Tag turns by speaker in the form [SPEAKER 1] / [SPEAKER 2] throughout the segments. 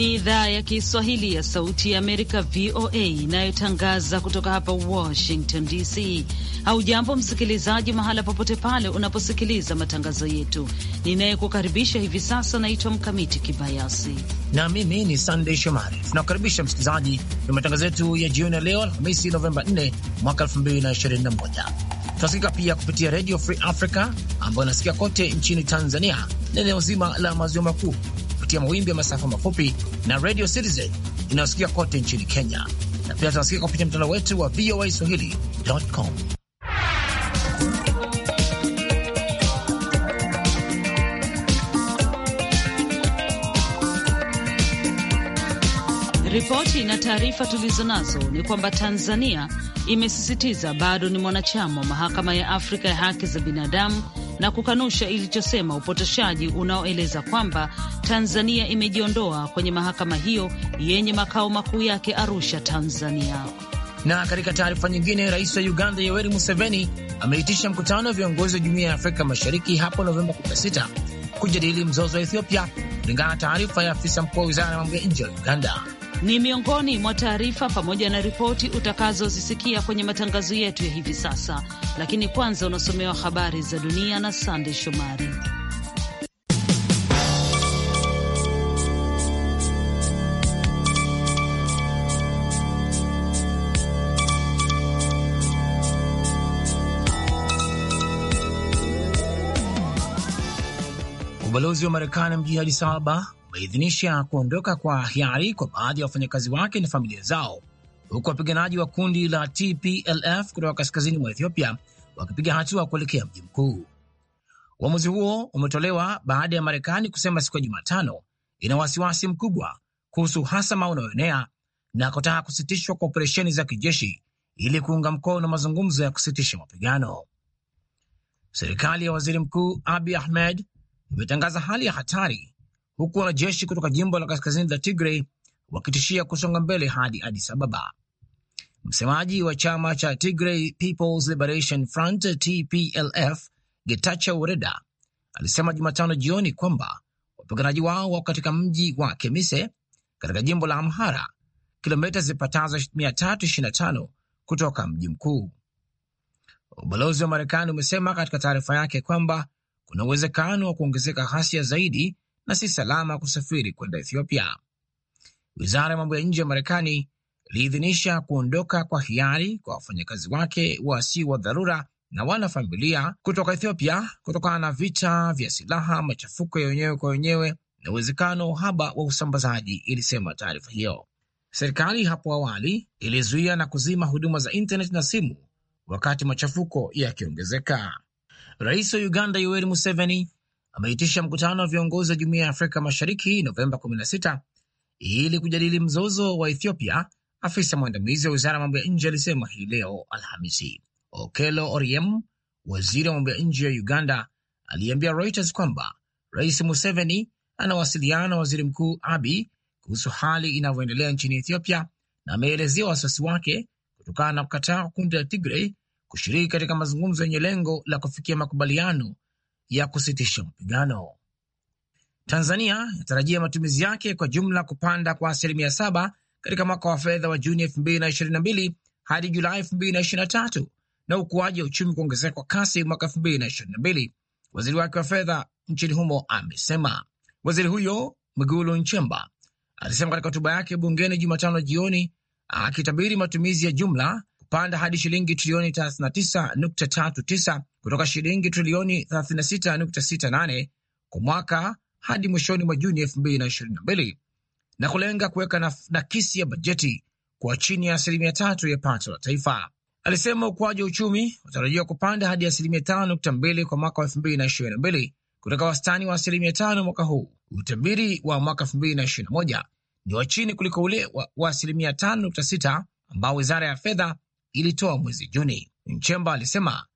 [SPEAKER 1] ni idhaa ya Kiswahili ya Sauti ya Amerika, VOA, inayotangaza kutoka hapa Washington DC. Haujambo msikilizaji, mahala popote pale unaposikiliza matangazo yetu. Ninayekukaribisha hivi sasa naitwa Mkamiti Kibayasi
[SPEAKER 2] na mimi ni Sandey Shomari. Tunakukaribisha msikilizaji kwenye matangazo yetu ya jioni ya leo Alhamisi, Novemba 4 mwaka 2021. Tunasikika pia kupitia Redio Free Africa ambayo inasikia kote nchini Tanzania na eneo zima la maziwa makuu kupitia mawimbi ya masafa mafupi na Radio Citizen inayosikika kote nchini Kenya, na pia tunasikika kupitia mtandao wetu wa VOA Swahili.com.
[SPEAKER 1] Ripoti na taarifa tulizo nazo ni kwamba Tanzania imesisitiza bado ni mwanachama wa mahakama ya Afrika ya haki za binadamu na kukanusha ilichosema upotoshaji unaoeleza kwamba Tanzania imejiondoa kwenye mahakama hiyo yenye makao makuu yake Arusha, Tanzania.
[SPEAKER 2] Na katika taarifa nyingine, rais wa Uganda Yoweri Museveni ameitisha mkutano wa viongozi wa jumuiya ya Afrika Mashariki hapo Novemba 16 kujadili mzozo wa Ethiopia, kulingana na taarifa ya afisa mkuu wa wizara ya mambo ya nje ya Uganda ni miongoni
[SPEAKER 1] mwa taarifa pamoja na ripoti utakazozisikia kwenye matangazo yetu ya hivi sasa, lakini kwanza unasomewa habari za dunia na Sande Shomari.
[SPEAKER 2] Ubalozi wa Marekani mjini Addis Ababa umeidhinisha kuondoka kwa hiari kwa baadhi ya wafanyakazi wake na familia zao, huku wapiganaji wa kundi la TPLF kutoka kaskazini mwa Ethiopia wakipiga hatua kuelekea mji mkuu. Uamuzi huo umetolewa baada ya Marekani kusema siku ya Jumatano ina wasiwasi mkubwa kuhusu hasama unayoenea na kutaka kusitishwa kwa operesheni za kijeshi ili kuunga mkono mazungumzo ya kusitisha mapigano. Serikali ya waziri mkuu abi Ahmed imetangaza hali ya hatari huku wanajeshi kutoka jimbo la kaskazini la Tigray wakitishia kusonga mbele hadi Addis Ababa. Msemaji wa chama cha Tigray People's Liberation Front TPLF Getachew Reda alisema Jumatano jioni kwamba wapiganaji wao wako katika mji wa Kemise katika jimbo la Amhara, kilomita zipatazo 325 kutoka mji mkuu. Ubalozi wa Marekani umesema katika taarifa yake kwamba kuna uwezekano wa kuongezeka ghasia zaidi na si salama kusafiri kwenda Ethiopia. Wizara ya mambo ya nje ya Marekani iliidhinisha kuondoka kwa hiari kwa wafanyakazi wake wasio wa dharura na wanafamilia kutoka Ethiopia kutokana na vita vya silaha, machafuko ya wenyewe kwa wenyewe na uwezekano wa uhaba wa usambazaji, ilisema taarifa hiyo. Serikali hapo awali ilizuia na kuzima huduma za intanet na simu wakati machafuko yakiongezeka. Rais wa Uganda Yoweri Museveni ameitisha mkutano wa viongozi wa jumuiya ya Afrika Mashariki Novemba 16 ili kujadili mzozo wa Ethiopia. Afisa mwandamizi wa wizara ya mambo ya nje alisema hii leo Alhamisi. Okelo Oriem, waziri wa mambo ya nje ya Uganda, aliambia Reuters kwamba Rais Museveni anawasiliana na waziri mkuu Abi kuhusu hali inavyoendelea nchini Ethiopia, na ameelezea wasiwasi wake kutokana na kukataa kwa kundi la Tigrey kushiriki katika mazungumzo yenye lengo la kufikia makubaliano ya kusitisha mapigano. Tanzania inatarajia matumizi yake kwa jumla kupanda kwa asilimia saba katika mwaka wa fedha wa Juni 2022 hadi Julai 2023 na ukuaji wa uchumi kuongezeka kwa kasi mwaka 2022, waziri wake wa fedha nchini humo amesema. Waziri huyo Mwigulu Nchemba alisema katika hotuba yake bungeni Jumatano jioni akitabiri matumizi ya jumla kupanda hadi shilingi trilioni 39.39 kutoka shilingi trilioni 36.68 kwa mwaka hadi mwishoni mwa Juni 2022 na kulenga kuweka nakisi ya bajeti kwa chini ya asilimia tatu ya pato la taifa. Alisema ukuaji wa uchumi utarajiwa kupanda hadi asilimia tano nukta mbili kwa mwaka wa elfu mbili na ishirini na mbili kutoka wastani wa asilimia tano mwaka huu. Utabiri wa mwaka elfu mbili na ishirini na moja ni wa chini kuliko ule wa asilimia tano nukta sita ambao wizara ya fedha ilitoa mwezi Juni. Nchemba alisema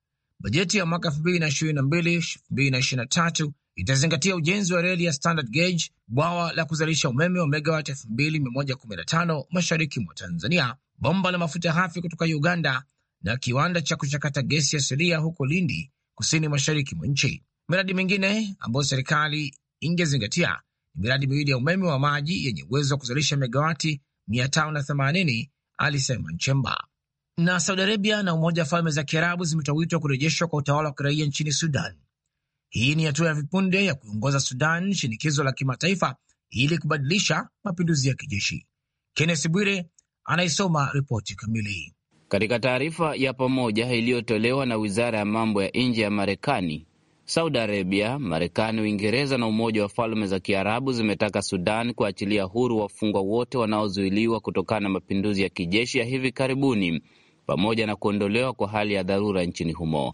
[SPEAKER 2] Bajeti ya mwaka 2022-2023 itazingatia ujenzi wa reli ya standard gauge, bwawa la kuzalisha umeme wa megawati elfu mashariki mwa Tanzania, bomba la mafuta ghafi kutoka Uganda na kiwanda cha kuchakata gesi asilia huko Lindi, kusini mashariki mwa nchi. Miradi mingine ambayo serikali ingezingatia ni miradi miwili ya umeme wa maji yenye uwezo wa kuzalisha megawati 580, alisema Nchemba. Na Saudi Arabia na Umoja wa Falme za Kiarabu zimetoa wito wa kurejeshwa kwa utawala wa kiraia nchini Sudan. Hii ni hatua ya vipunde ya kuiongoza Sudan shinikizo la kimataifa ili kubadilisha mapinduzi ya kijeshi. Kennes Bwire anaisoma ripoti kamili.
[SPEAKER 3] Katika taarifa ya pamoja iliyotolewa na wizara ya mambo ya nje ya Marekani, Saudi Arabia, Marekani, Uingereza na Umoja wa Falme za Kiarabu zimetaka Sudan kuachilia huru wafungwa wote wanaozuiliwa kutokana na mapinduzi ya kijeshi ya hivi karibuni pamoja na kuondolewa kwa hali ya dharura nchini humo.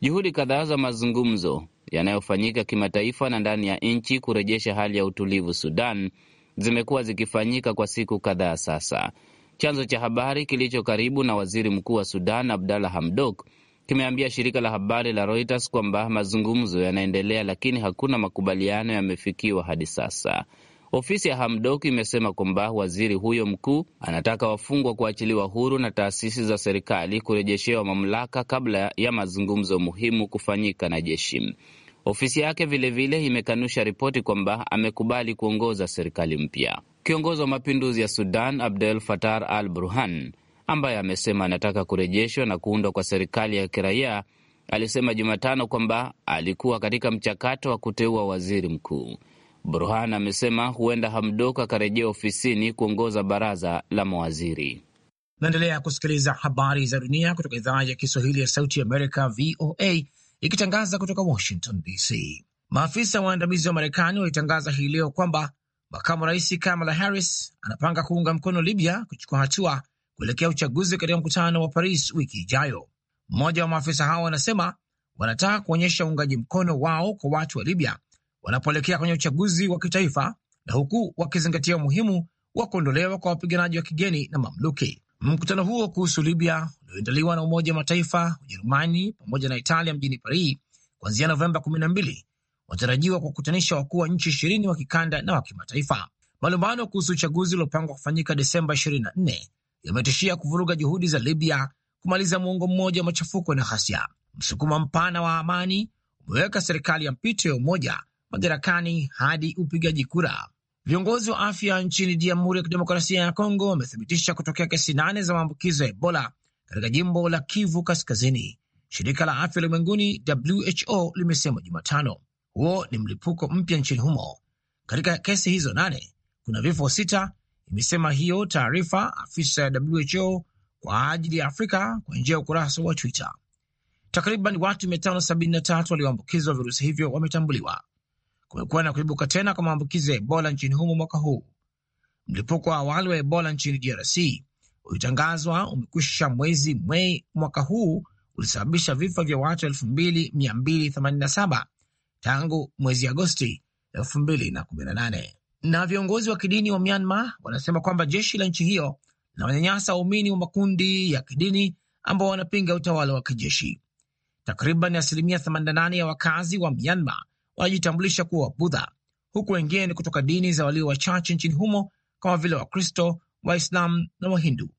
[SPEAKER 3] Juhudi kadhaa za mazungumzo yanayofanyika kimataifa na ndani ya nchi kurejesha hali ya utulivu Sudan zimekuwa zikifanyika kwa siku kadhaa sasa. Chanzo cha habari kilicho karibu na waziri mkuu wa Sudan Abdalla Hamdok kimeambia shirika la habari la Reuters kwamba mazungumzo yanaendelea, lakini hakuna makubaliano yamefikiwa hadi sasa. Ofisi ya Hamdok imesema kwamba waziri huyo mkuu anataka wafungwa kuachiliwa huru na taasisi za serikali kurejeshewa mamlaka kabla ya mazungumzo muhimu kufanyika na jeshi. Ofisi yake vilevile imekanusha ripoti kwamba amekubali kuongoza serikali mpya. Kiongozi wa mapinduzi ya Sudan Abdel Fattah al Burhan, ambaye amesema anataka kurejeshwa na kuundwa kwa serikali ya kiraia, alisema Jumatano kwamba alikuwa katika mchakato wa kuteua waziri mkuu. Burhan amesema huenda Hamdok akarejea ofisini kuongoza baraza la mawaziri.
[SPEAKER 2] Naendelea kusikiliza habari za dunia kutoka idhaa ya Kiswahili ya Sauti ya Amerika, VOA, ikitangaza kutoka Washington DC. Maafisa waandamizi wa Marekani walitangaza hii leo kwamba makamu rais Kamala Harris anapanga kuunga mkono Libya kuchukua hatua kuelekea uchaguzi katika mkutano wa Paris wiki ijayo. Mmoja wa maafisa hao wanasema wanataka kuonyesha uungaji mkono wao kwa watu wa Libya wanapoelekea kwenye uchaguzi wa kitaifa na huku wakizingatia umuhimu wa kuondolewa kwa wapiganaji wa kigeni na mamluki. Mkutano huo kuhusu Libya ulioandaliwa na Umoja wa Mataifa, Ujerumani pamoja na Italia mjini Paris kuanzia Novemba 12 unatarajiwa kukutanisha wakuu wa nchi ishirini wa kikanda na wa kimataifa. Malumbano kuhusu uchaguzi uliopangwa kufanyika Desemba 24 yametishia kuvuruga juhudi za Libya kumaliza muongo mmoja wa machafuko na ghasia. Msukuma mpana wa amani umeweka serikali ya mpito ya umoja madarakani hadi upigaji kura. Viongozi wa afya nchini Jamhuri ya Kidemokrasia ya Kongo wamethibitisha kutokea kesi nane za maambukizo ya Ebola katika jimbo la Kivu Kaskazini. Shirika la afya ulimwenguni WHO limesema Jumatano huo ni mlipuko mpya nchini humo. Katika kesi hizo nane kuna vifo sita, imesema hiyo taarifa afisa ya WHO kwa ajili ya Afrika kwa njia ya ukurasa wa Twitter. Takriban watu 573 walioambukizwa virusi hivyo wametambuliwa kumekuwa na kuibuka tena kwa maambukizi ya Ebola nchini humo mwaka huu. Mlipuko wa awali wa Ebola nchini DRC ulitangazwa umekwisha mwezi Mei mwaka huu, ulisababisha vifo vya watu 2287 tangu mwezi Agosti 2018. Na viongozi wa kidini wa Myanmar wanasema kwamba jeshi la nchi hiyo na wanyanyasa waumini wa makundi ya kidini ambao wanapinga utawala wa kijeshi. Takriban asilimia 88 ya wakazi wa Myanmar wanajitambulisha kuwa Wabudha, huku wengine ni kutoka dini za walio wachache nchini humo kama vile Wakristo, waislam na Wahindu.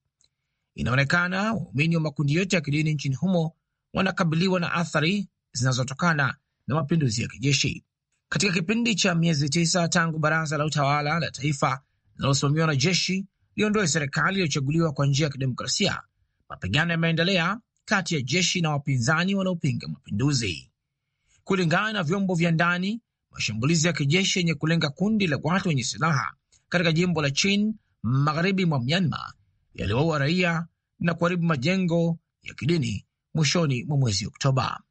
[SPEAKER 2] Inaonekana waumini wa makundi yote ya kidini nchini humo wanakabiliwa na athari zinazotokana na mapinduzi ya kijeshi. Katika kipindi cha miezi tisa tangu baraza la utawala la taifa linalosimamiwa na jeshi liondoe serikali iliyochaguliwa kwa njia ya kidemokrasia, mapigano yameendelea kati ya jeshi na wapinzani wanaopinga mapinduzi. Kulingana na vyombo vya ndani, mashambulizi ya kijeshi yenye kulenga kundi la watu wenye silaha katika jimbo la Chin magharibi mwa Myanmar yaliwaua raia na kuharibu majengo ya kidini mwishoni mwa mwezi Oktoba.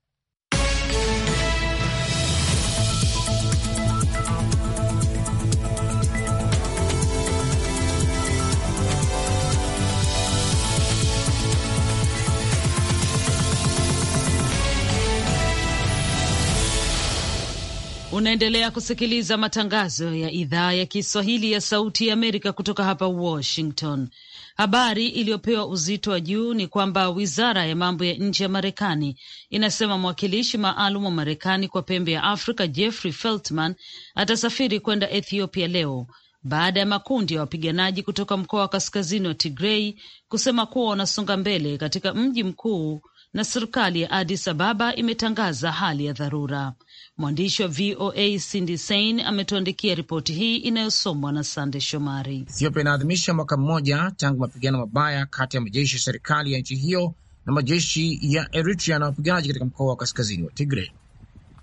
[SPEAKER 1] Unaendelea kusikiliza matangazo ya idhaa ya Kiswahili ya Sauti ya Amerika kutoka hapa Washington. Habari iliyopewa uzito wa juu ni kwamba wizara ya mambo ya nje ya Marekani inasema mwakilishi maalum wa Marekani kwa pembe ya Afrika Jeffrey Feltman atasafiri kwenda Ethiopia leo baada ya makundi ya wapiganaji kutoka mkoa wa kaskazini wa Tigrei kusema kuwa wanasonga mbele katika mji mkuu na serikali ya adis Ababa imetangaza hali ya dharura. Mwandishi wa VOA Cindy Sein
[SPEAKER 2] ametuandikia ripoti hii inayosomwa na Sande Shomari. Ethiopia inaadhimisha mwaka mmoja tangu mapigano mabaya kati ya majeshi ya serikali ya nchi hiyo na majeshi ya Eritrea na wapiganaji katika mkoa wa kaskazini wa Tigre.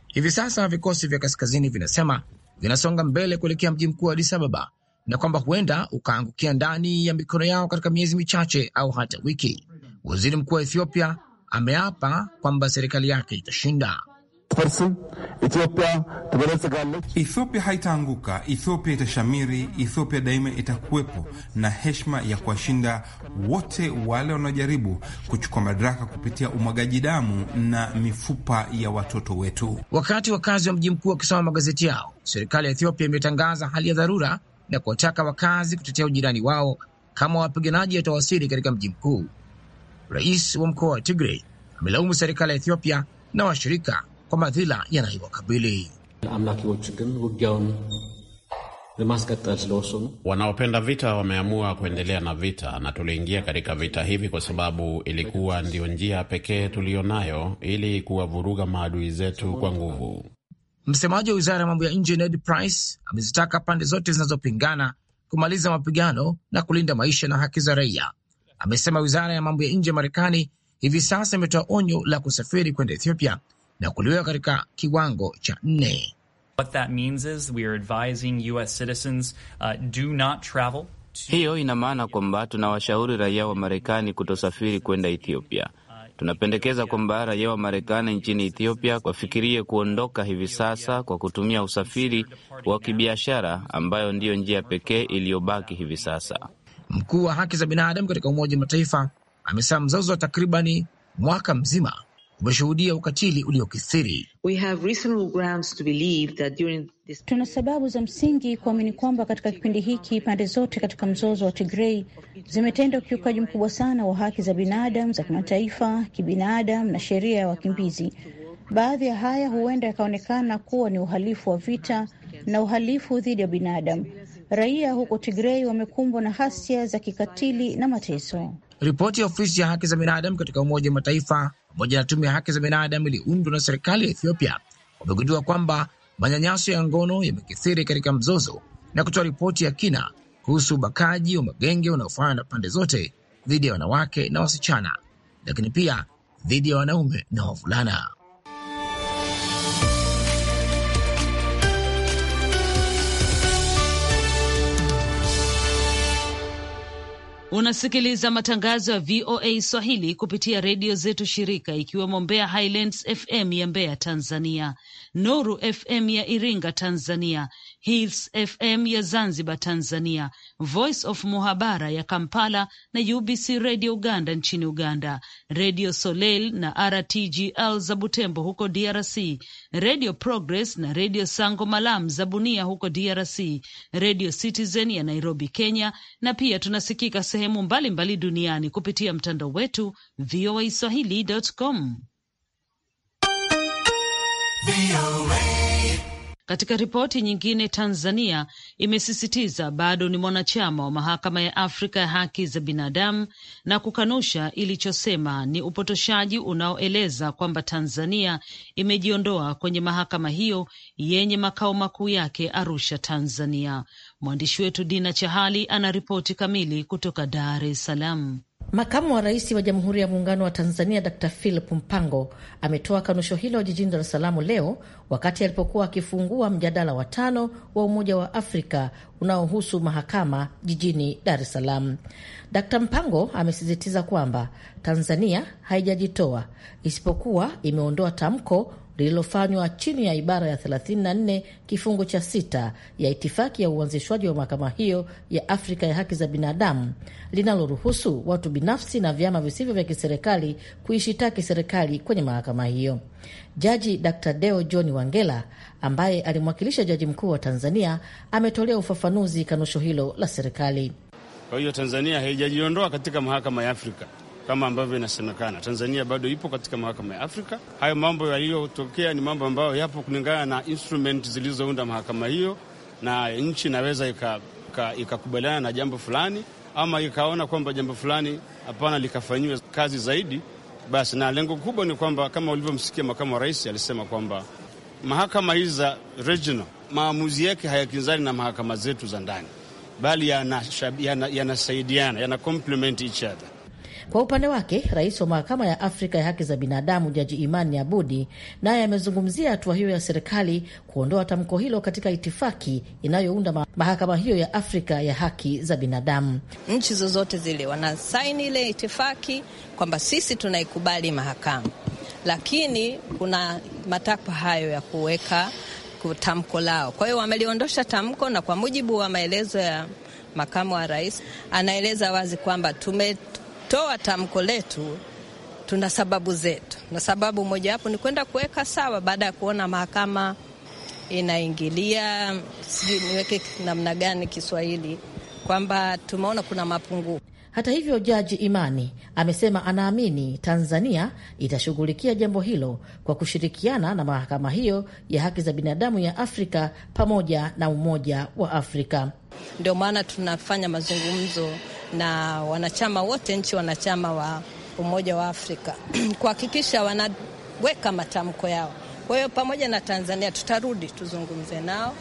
[SPEAKER 2] Hivi sasa vikosi vya kaskazini vinasema vinasonga mbele kuelekea mji mkuu wa Adis Ababa na kwamba huenda ukaangukia ndani ya mikono yao katika miezi michache au hata wiki. Waziri mkuu wa Ethiopia ameapa kwamba serikali
[SPEAKER 3] yake itashinda. Ethiopia haitaanguka. Ethiopia itashamiri. Ethiopia daima itakuwepo na heshima ya kuwashinda wote wale wanaojaribu kuchukua madaraka kupitia umwagaji damu na
[SPEAKER 2] mifupa ya watoto wetu. Wakati wakazi wa mji mkuu wakisoma magazeti yao, serikali ya Ethiopia imetangaza hali ya dharura na kuwataka wakazi kutetea ujirani wao kama wapiganaji watawasili katika mji mkuu. Rais wa mkoa wa Tigray amelaumu serikali ya Ethiopia na washirika kwa madhila
[SPEAKER 3] yanayowakabili. Amlakiዎቹ ግን ውጊያውን wanaopenda vita wameamua kuendelea na vita, na tuliingia katika vita hivi kwa sababu ilikuwa ndiyo njia pekee tuliyonayo ili kuwavuruga maadui zetu kwa nguvu.
[SPEAKER 2] Msemaji wa wizara ya mambo ya nje Ned Price amezitaka pande zote zinazopingana kumaliza mapigano na kulinda maisha na haki za raia. Amesema wizara ya mambo ya nje ya Marekani hivi sasa imetoa onyo la kusafiri kwenda Ethiopia na kuliweka katika kiwango cha nne.
[SPEAKER 3] Hiyo ina maana kwamba tunawashauri raia wa Marekani kutosafiri kwenda Ethiopia. Tunapendekeza kwamba raia wa Marekani nchini Ethiopia wafikirie kuondoka hivi sasa kwa kutumia usafiri wa kibiashara ambayo ndiyo njia pekee iliyobaki hivi sasa.
[SPEAKER 2] Mkuu wa haki za binadamu katika Umoja wa Mataifa amesema mzozo wa takribani mwaka mzima umeshuhudia
[SPEAKER 4] ukatili uliokithiri. This... tuna sababu
[SPEAKER 5] za msingi kuamini kwamba katika kipindi hiki pande zote katika mzozo wa Tigrei zimetenda ukiukaji mkubwa sana wa haki za binadamu za kimataifa, kibinadamu na sheria ya wakimbizi. Baadhi ya haya huenda yakaonekana kuwa ni uhalifu wa vita na uhalifu dhidi ya binadamu. Raia huko Tigrei wamekumbwa na hasia za kikatili na mateso.
[SPEAKER 2] Ripoti ya ofisi ya haki za binadamu katika Umoja wa Mataifa pamoja na tume ya haki za binadamu iliundwa na serikali ya Ethiopia wamegundua kwamba manyanyaso ya ngono yamekithiri katika mzozo na kutoa ripoti ya kina kuhusu ubakaji wa magenge unaofanywa na pande zote dhidi ya wanawake na wasichana, lakini pia dhidi ya wanaume na wavulana.
[SPEAKER 1] Unasikiliza matangazo ya VOA Swahili kupitia redio zetu shirika, ikiwemo Mbeya Highlands FM ya Mbeya Tanzania, Nuru FM ya Iringa Tanzania, Hills FM ya Zanzibar Tanzania, Voice of Muhabara ya Kampala na UBC Radio Uganda nchini Uganda, Radio Soleil na RTGL za Butembo huko DRC, Redio Progress na Redio Sango Malam za Bunia huko DRC, Redio Citizen ya Nairobi, Kenya, na pia tunasikika sehemu mbalimbali mbali duniani kupitia mtandao wetu voa VOA. Katika ripoti nyingine, Tanzania imesisitiza bado ni mwanachama wa mahakama ya Afrika ya haki za binadamu na kukanusha ilichosema ni upotoshaji unaoeleza kwamba Tanzania imejiondoa kwenye mahakama hiyo yenye makao makuu yake Arusha, Tanzania. Mwandishi wetu Dina Chahali ana ripoti kamili kutoka Dar es Salaam.
[SPEAKER 5] Makamu wa Rais wa Jamhuri ya Muungano wa Tanzania Dr. Philip Mpango ametoa kanusho hilo jijini Dar es Salaam leo wakati alipokuwa akifungua mjadala wa tano wa Umoja wa Afrika unaohusu mahakama jijini Dar es Salaam. Dr. Mpango amesisitiza kwamba Tanzania haijajitoa isipokuwa imeondoa tamko lililofanywa chini ya ibara ya 34 kifungu cha sita ya itifaki ya uanzishwaji wa mahakama hiyo ya Afrika ya haki za binadamu linaloruhusu watu binafsi na vyama visivyo vya kiserikali kuishitaki serikali kwenye mahakama hiyo. Jaji Dr. Deo John Wangela ambaye alimwakilisha jaji mkuu wa Tanzania ametolea ufafanuzi kanusho hilo la serikali.
[SPEAKER 3] Kwa hiyo Tanzania haijajiondoa katika mahakama ya Afrika kama ambavyo inasemekana. Tanzania bado ipo katika mahakama ya Afrika. Hayo mambo yaliyotokea ni mambo ambayo yapo kulingana na instrument zilizounda mahakama hiyo, na nchi inaweza ikakubaliana ika na jambo fulani ama ikaona kwamba jambo fulani hapana, likafanyiwa kazi zaidi. Basi na lengo kubwa ni kwamba kama ulivyomsikia makamu wa rais alisema kwamba mahakama hizi za regional maamuzi yake hayakinzani na mahakama zetu za ndani, bali yanasaidiana, yana, yana yanakomplement each other
[SPEAKER 5] kwa upande wake, rais wa mahakama ya Afrika ya haki za binadamu Jaji Imani Abudi naye amezungumzia hatua hiyo ya serikali kuondoa tamko hilo katika itifaki inayounda mahakama hiyo ya Afrika ya haki za binadamu.
[SPEAKER 6] Nchi zozote zile wanasaini ile itifaki kwamba sisi tunaikubali mahakama, lakini kuna matakwa hayo ya kuweka tamko lao. Kwa hiyo wameliondosha tamko, na kwa mujibu wa maelezo ya makamu wa rais, anaeleza wazi kwamba tume tukitoa tamko letu tuna sababu zetu, na sababu mojawapo ni kwenda kuweka sawa, baada ya kuona mahakama inaingilia, sijui niweke namna gani Kiswahili, kwamba tumeona kuna mapungufu. Hata
[SPEAKER 5] hivyo, Jaji Imani amesema anaamini Tanzania itashughulikia jambo hilo kwa kushirikiana na mahakama hiyo ya haki za binadamu ya Afrika pamoja na Umoja wa Afrika.
[SPEAKER 6] Ndio maana tunafanya mazungumzo na wanachama wote nchi wanachama wa Umoja wa Afrika kuhakikisha wanaweka matamko yao. Kwa hiyo pamoja na Tanzania tutarudi tuzungumze nao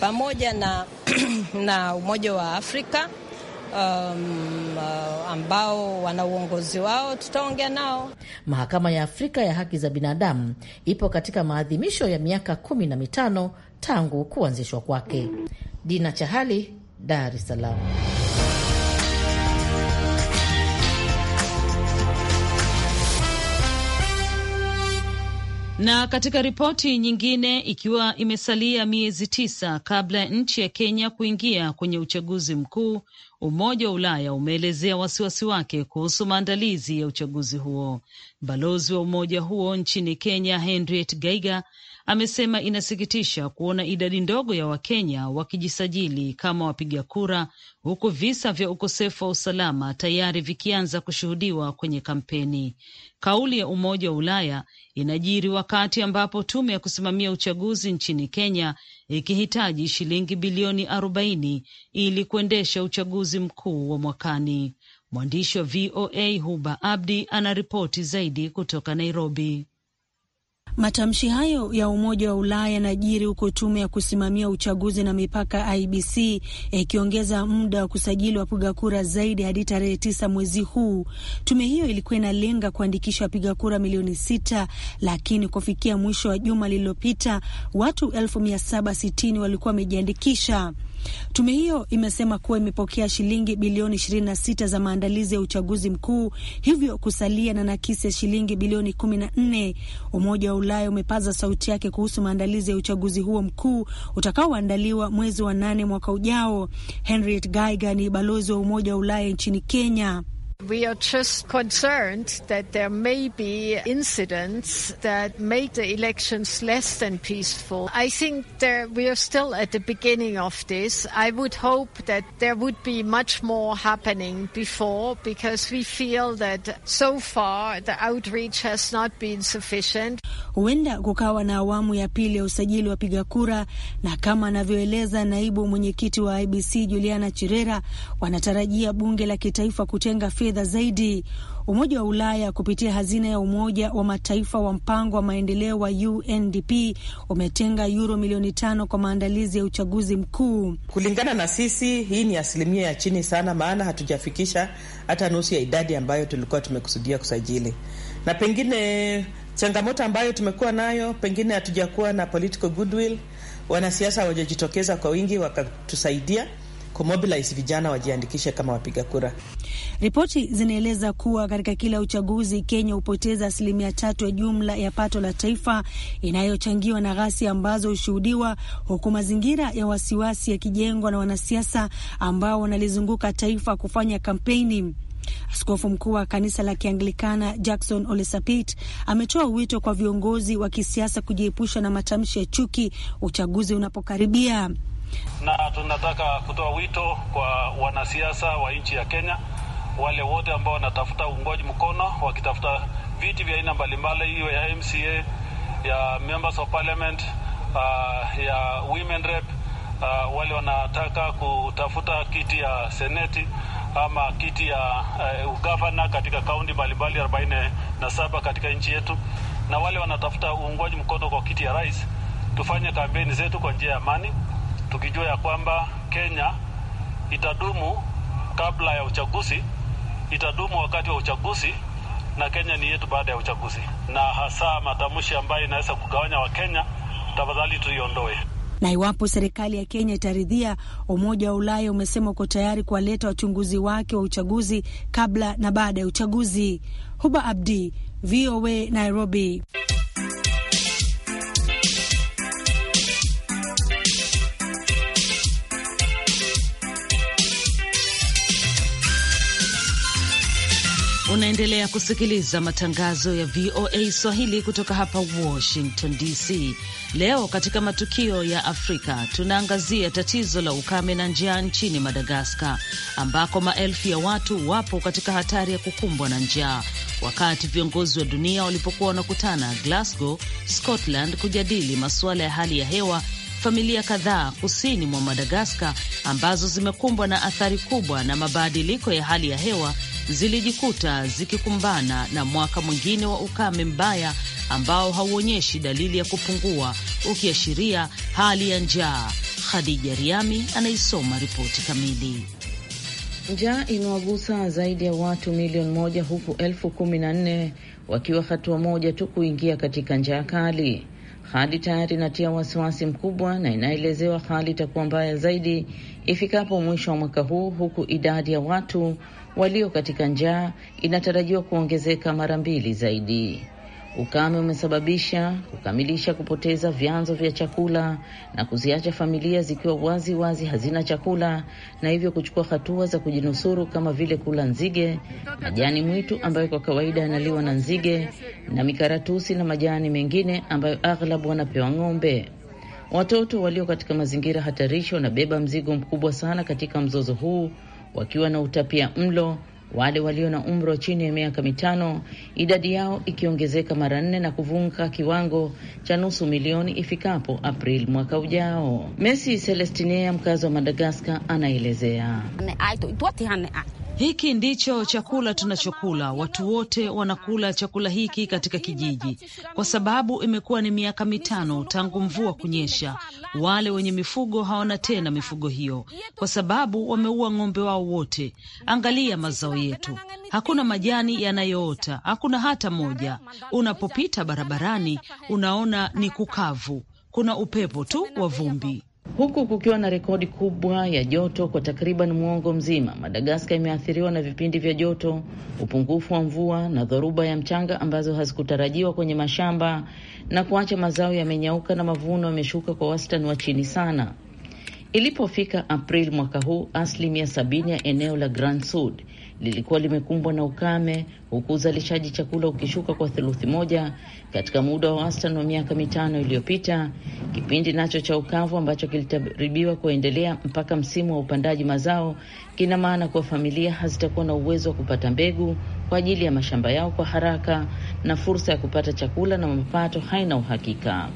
[SPEAKER 6] pamoja na, na Umoja wa Afrika um, uh, ambao wana uongozi wao tutaongea nao.
[SPEAKER 5] Mahakama ya Afrika ya Haki za Binadamu ipo katika maadhimisho ya miaka kumi na mitano tangu kuanzishwa kwake. Dina Chahali, Dar es Salaam.
[SPEAKER 1] Na katika ripoti nyingine, ikiwa imesalia miezi tisa kabla ya nchi ya Kenya kuingia kwenye uchaguzi mkuu, Umoja wa Ulaya umeelezea wasiwasi wake kuhusu maandalizi ya uchaguzi huo. Balozi wa umoja huo nchini Kenya Henriette Geiger amesema inasikitisha kuona idadi ndogo ya Wakenya wakijisajili kama wapiga kura, huku visa vya ukosefu wa usalama tayari vikianza kushuhudiwa kwenye kampeni. Kauli ya Umoja wa Ulaya inajiri wakati ambapo tume ya kusimamia uchaguzi nchini Kenya ikihitaji shilingi bilioni arobaini ili kuendesha uchaguzi mkuu wa mwakani. Mwandishi wa VOA Huba Abdi anaripoti zaidi kutoka Nairobi.
[SPEAKER 7] Matamshi hayo ya Umoja wa Ulaya yanajiri huko tume ya kusimamia uchaguzi na mipaka IBC ikiongeza muda wa kusajili wapiga kura zaidi hadi tarehe tisa mwezi huu. Tume hiyo ilikuwa inalenga kuandikisha wapiga kura milioni sita, lakini kufikia mwisho wa juma lililopita watu elfu mia saba sitini walikuwa wamejiandikisha. Tume hiyo imesema kuwa imepokea shilingi bilioni 26 za maandalizi ya uchaguzi mkuu, hivyo kusalia na nakisi ya shilingi bilioni 14. Umoja wa Ulaya umepaza sauti yake kuhusu maandalizi ya uchaguzi huo mkuu utakaoandaliwa mwezi wa nane mwaka ujao. Henriette Geiger ni balozi wa Umoja wa Ulaya nchini Kenya. We are just concerned that there may be incidents that
[SPEAKER 5] make the elections less than peaceful. I think there, we are still at the beginning of this. I would hope that there would be much more happening before because we feel that so far the outreach has not been sufficient.
[SPEAKER 7] Huenda kukawa na awamu ya pili ya usajili wa piga kura, na kama anavyoeleza naibu mwenyekiti wa IBC Juliana Chirera, wanatarajia bunge la kitaifa kutenga fedha zaidi. Umoja wa Ulaya kupitia hazina ya Umoja wa Mataifa wa mpango wa maendeleo wa UNDP umetenga yuro milioni tano kwa maandalizi ya uchaguzi mkuu.
[SPEAKER 5] Kulingana na sisi, hii ni asilimia ya chini sana, maana hatujafikisha hata nusu ya idadi ambayo tulikuwa tumekusudia kusajili, na pengine changamoto ambayo tumekuwa nayo, pengine hatujakuwa na political goodwill, wanasiasa hawajajitokeza kwa wingi wakatusaidia kumobilize vijana wajiandikishe kama wapiga kura.
[SPEAKER 7] Ripoti zinaeleza kuwa katika kila uchaguzi Kenya hupoteza asilimia tatu ya jumla ya pato la taifa inayochangiwa na ghasia ambazo hushuhudiwa, huku mazingira ya wasiwasi yakijengwa na wanasiasa ambao wanalizunguka taifa kufanya kampeni. Askofu mkuu wa kanisa la Kianglikana Jackson Olesapit ametoa wito kwa viongozi wa kisiasa kujiepusha na matamshi ya chuki uchaguzi unapokaribia
[SPEAKER 3] na tunataka kutoa wito kwa wanasiasa wa nchi ya Kenya, wale wote ambao wanatafuta uungwaji mkono, wakitafuta viti vya aina mbalimbali, hiyo ya MCA, ya members of parliament, uh, ya women rep, uh, wale wanataka kutafuta kiti ya seneti ama kiti ya uh, eh, ugavana katika kaunti mbalimbali 47 katika nchi yetu, na wale wanatafuta uungwaji mkono kwa kiti ya rais, tufanye kampeni zetu kwa njia ya amani tukijua ya kwamba Kenya itadumu kabla ya uchaguzi, itadumu wakati wa uchaguzi na Kenya ni yetu baada ya uchaguzi, na hasa matamshi ambayo inaweza kugawanya Wakenya, tafadhali tuiondoe.
[SPEAKER 7] Na iwapo serikali ya Kenya itaridhia, Umoja wa Ulaya umesema uko tayari kuwaleta wachunguzi wake wa uchaguzi kabla na baada ya uchaguzi. Huba Abdi, VOA, Nairobi.
[SPEAKER 1] Unaendelea kusikiliza matangazo ya VOA Swahili kutoka hapa Washington DC. Leo katika matukio ya Afrika tunaangazia tatizo la ukame na njaa nchini Madagaskar, ambako maelfu ya watu wapo katika hatari ya kukumbwa na njaa, wakati viongozi wa dunia walipokuwa wanakutana Glasgow, Scotland, kujadili masuala ya hali ya hewa familia kadhaa kusini mwa Madagaskar ambazo zimekumbwa na athari kubwa na mabadiliko ya hali ya hewa zilijikuta zikikumbana na mwaka mwingine wa ukame mbaya ambao hauonyeshi dalili ya kupungua, ukiashiria hali ya njaa. Khadija Riami anaisoma ripoti kamili.
[SPEAKER 4] Njaa imewagusa zaidi ya watu milioni moja huku elfu kumi na nne wakiwa hatua moja tu kuingia katika njaa kali. Hali tayari inatia wasiwasi mkubwa na inaelezewa hali itakuwa mbaya zaidi ifikapo mwisho wa mwaka huu, huku idadi ya watu walio katika njaa inatarajiwa kuongezeka mara mbili zaidi. Ukame umesababisha kukamilisha kupoteza vyanzo vya chakula na kuziacha familia zikiwa wazi wazi hazina chakula, na hivyo kuchukua hatua za kujinusuru kama vile kula nzige, majani mwitu ambayo kwa kawaida yanaliwa na nzige, na mikaratusi na majani mengine ambayo aghlabu wanapewa ng'ombe. Watoto walio katika mazingira hatarishi wanabeba mzigo mkubwa sana katika mzozo huu, wakiwa na utapia mlo wale walio na umri wa chini ya miaka mitano, idadi yao ikiongezeka mara nne na kuvunka kiwango cha nusu milioni ifikapo april mwaka ujao. Messi Celestinea, mkazi wa Madagaskar, anaelezea
[SPEAKER 1] hiki ndicho chakula tunachokula, watu wote wanakula chakula hiki katika kijiji, kwa sababu imekuwa ni miaka mitano tangu mvua kunyesha. Wale wenye mifugo hawana tena mifugo hiyo, kwa sababu wameua ng'ombe wao wote. Angalia mazao yetu, hakuna majani yanayoota, hakuna hata moja. Unapopita barabarani, unaona ni kukavu, kuna upepo tu wa vumbi.
[SPEAKER 4] Huku kukiwa na rekodi kubwa ya joto kwa takriban mwongo mzima, Madagaskar imeathiriwa na vipindi vya joto, upungufu wa mvua na dhoruba ya mchanga ambazo hazikutarajiwa kwenye mashamba na kuacha mazao yamenyauka na mavuno yameshuka kwa wastani wa chini sana. Ilipofika Aprili mwaka huu, asilimia sabini ya eneo la Grand Sud lilikuwa limekumbwa na ukame, huku uzalishaji chakula ukishuka kwa theluthi moja katika muda wa wastani wa miaka mitano iliyopita, kipindi nacho cha ukavu ambacho kilitaribiwa kuendelea mpaka msimu wa upandaji mazao. Kina maana kuwa familia hazitakuwa na uwezo wa kupata mbegu kwa ajili ya mashamba yao kwa haraka, na fursa ya kupata chakula na mapato haina uhakika,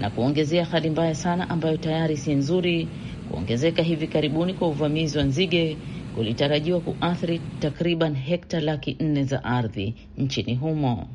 [SPEAKER 4] na kuongezea hali mbaya sana ambayo tayari si nzuri, kuongezeka hivi karibuni kwa uvamizi wa nzige kulitarajiwa kuathiri takriban hekta laki nne za ardhi nchini humo.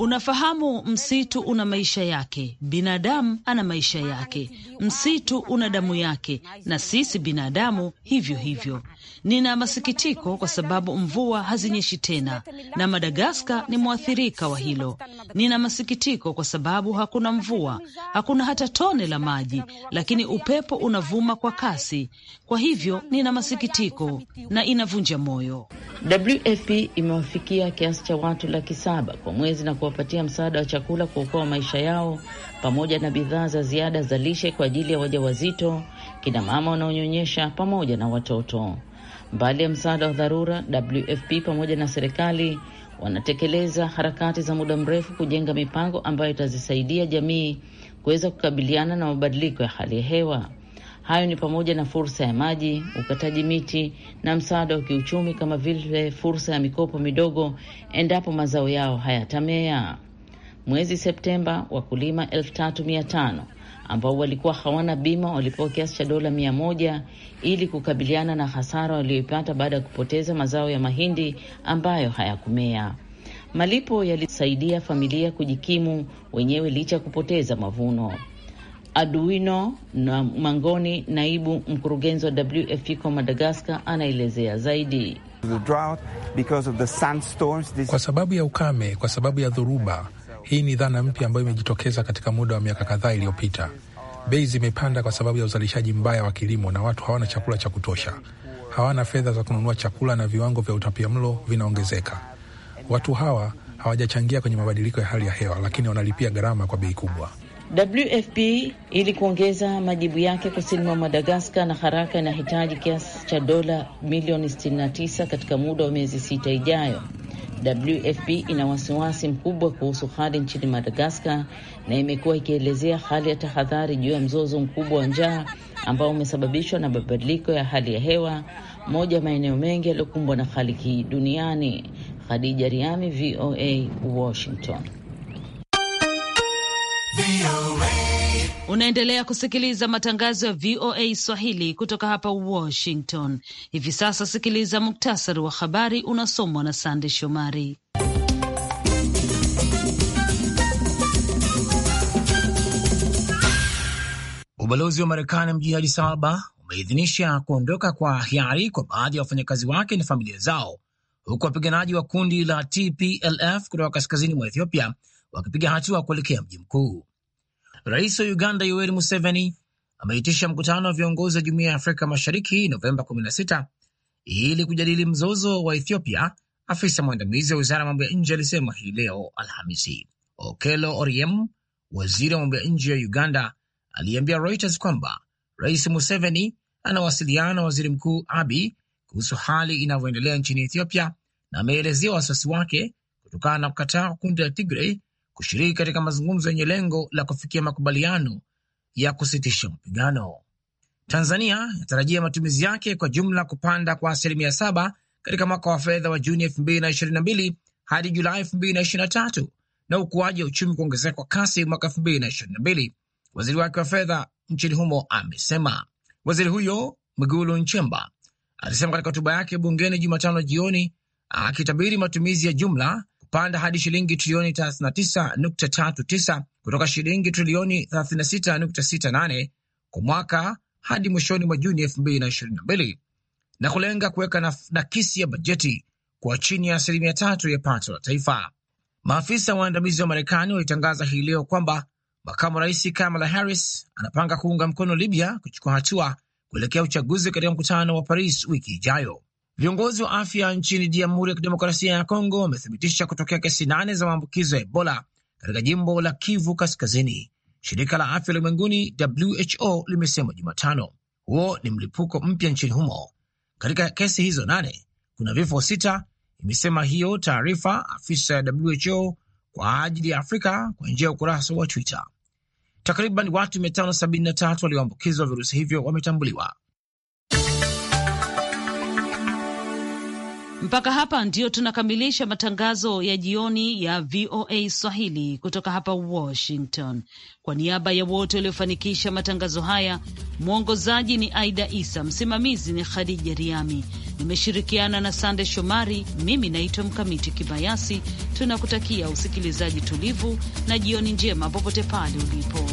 [SPEAKER 1] Unafahamu, msitu una maisha yake, binadamu ana maisha yake, msitu una damu yake, na sisi binadamu hivyo hivyo. Nina masikitiko kwa sababu mvua hazinyeshi tena, na madagaskar ni mwathirika wa hilo. Nina masikitiko kwa sababu hakuna mvua, hakuna hata tone la maji, lakini upepo unavuma kwa kasi. Kwa hivyo nina masikitiko na inavunja moyo.
[SPEAKER 4] WFP imewafikia kiasi cha watu laki saba kwa mwezi na kuwapatia msaada wa chakula kuokoa maisha yao pamoja na bidhaa za ziada za lishe kwa ajili ya wajawazito, kina mama wanaonyonyesha pamoja na watoto. Mbali ya msaada wa dharura, WFP pamoja na serikali wanatekeleza harakati za muda mrefu kujenga mipango ambayo itazisaidia jamii kuweza kukabiliana na mabadiliko ya hali ya hewa. Hayo ni pamoja na fursa ya maji, ukataji miti na msaada wa kiuchumi kama vile fursa ya mikopo midogo endapo mazao yao hayatamea. Mwezi Septemba, wakulima elfu tatu mia tano ambao walikuwa hawana bima walipewa kiasi cha dola mia moja ili kukabiliana na hasara walioipata baada ya kupoteza mazao ya mahindi ambayo hayakumea. Malipo yalisaidia familia kujikimu wenyewe licha ya kupoteza mavuno. Aduino na Mangoni, naibu mkurugenzi wa WFP e Madagascar, anaelezea zaidi.
[SPEAKER 7] Kwa sababu ya ukame, kwa sababu ya dhoruba. Hii ni dhana mpya ambayo imejitokeza katika muda wa miaka kadhaa iliyopita. Bei zimepanda kwa sababu ya uzalishaji mbaya wa kilimo, na watu hawana chakula cha kutosha, hawana fedha za kununua chakula, na viwango vya utapiamlo vinaongezeka. Watu hawa hawajachangia kwenye mabadiliko ya hali ya hewa, lakini wanalipia gharama kwa bei kubwa.
[SPEAKER 4] WFP ili kuongeza majibu yake kusini mwa Madagaskar na haraka inahitaji kiasi cha dola milioni 69 katika muda wa miezi sita ijayo. WFP ina wasiwasi mkubwa kuhusu hali nchini Madagaskar na imekuwa ikielezea hali ya tahadhari juu ya mzozo mkubwa wa njaa ambao umesababishwa na mabadiliko ya hali ya hewa, moja ya maeneo mengi yaliyokumbwa na hali hii duniani. Khadija Riami, VOA, Washington.
[SPEAKER 1] Unaendelea kusikiliza matangazo ya VOA Swahili kutoka hapa Washington. Hivi sasa sikiliza muktasari wa habari unasomwa na Sande Shomari.
[SPEAKER 2] Ubalozi wa Marekani mjini Addis Ababa umeidhinisha kuondoka kwa hiari kwa baadhi ya wafanyakazi wake na familia zao, huku wapiganaji wa kundi la TPLF kutoka kaskazini mwa Ethiopia wakipiga hatua kuelekea mji mkuu. Rais wa Uganda Yoweri Museveni ameitisha mkutano wa viongozi wa Jumuiya ya Afrika Mashariki Novemba 16 ili kujadili mzozo wa Ethiopia. Afisa mwandamizi wa wizara ya mambo ya nje alisema hii leo Alhamisi. okelo oriem waziri wa mambo ya nje ya Uganda, aliambia Reuters kwamba Rais Museveni anawasiliana na waziri mkuu Abi kuhusu hali inavyoendelea nchini Ethiopia, na ameelezea wasiwasi wake kutokana na kukataa kundi la Tigrey kushiriki katika mazungumzo yenye lengo la kufikia makubaliano ya kusitisha mapigano. Tanzania inatarajia matumizi yake kwa jumla kupanda kwa asilimia saba katika mwaka wa fedha wa Juni 2022 hadi Julai 2023 na ukuaji wa uchumi kuongezeka kwa kasi mwaka 2022, waziri wake wa fedha nchini humo amesema. Waziri huyo Mgulu Nchemba alisema katika hotuba yake bungeni Jumatano jioni akitabiri matumizi ya jumla kupanda hadi shilingi trilioni 39.39 kutoka shilingi trilioni 36.68 kwa mwaka hadi mwishoni mwa Juni 2022 na kulenga kuweka nakisi ya bajeti kwa chini ya asilimia tatu ya pato la taifa. Maafisa waandamizi wa Marekani walitangaza hii leo kwamba makamu rais Kamala Harris anapanga kuunga mkono Libya kuchukua hatua kuelekea uchaguzi katika mkutano wa Paris wiki ijayo. Viongozi wa afya nchini Jamhuri ya Kidemokrasia ya Kongo wamethibitisha kutokea kesi nane za maambukizo ya Ebola katika jimbo la Kivu Kaskazini. Shirika la afya ulimwenguni WHO limesema Jumatano huo ni mlipuko mpya nchini humo. Katika kesi hizo nane kuna vifo sita, imesema hiyo taarifa afisa ya WHO kwa ajili ya Afrika kwa njia ya ukurasa wa Twitter. Takriban watu mia walioambukizwa virusi hivyo wametambuliwa.
[SPEAKER 1] Mpaka hapa ndio tunakamilisha matangazo ya jioni ya VOA Swahili kutoka hapa Washington. Kwa niaba ya wote waliofanikisha matangazo haya, mwongozaji ni Aida Isa, msimamizi ni Khadija Riami, nimeshirikiana na Sande Shomari. Mimi naitwa Mkamiti Kibayasi. Tunakutakia usikilizaji tulivu na jioni njema popote pale ulipo.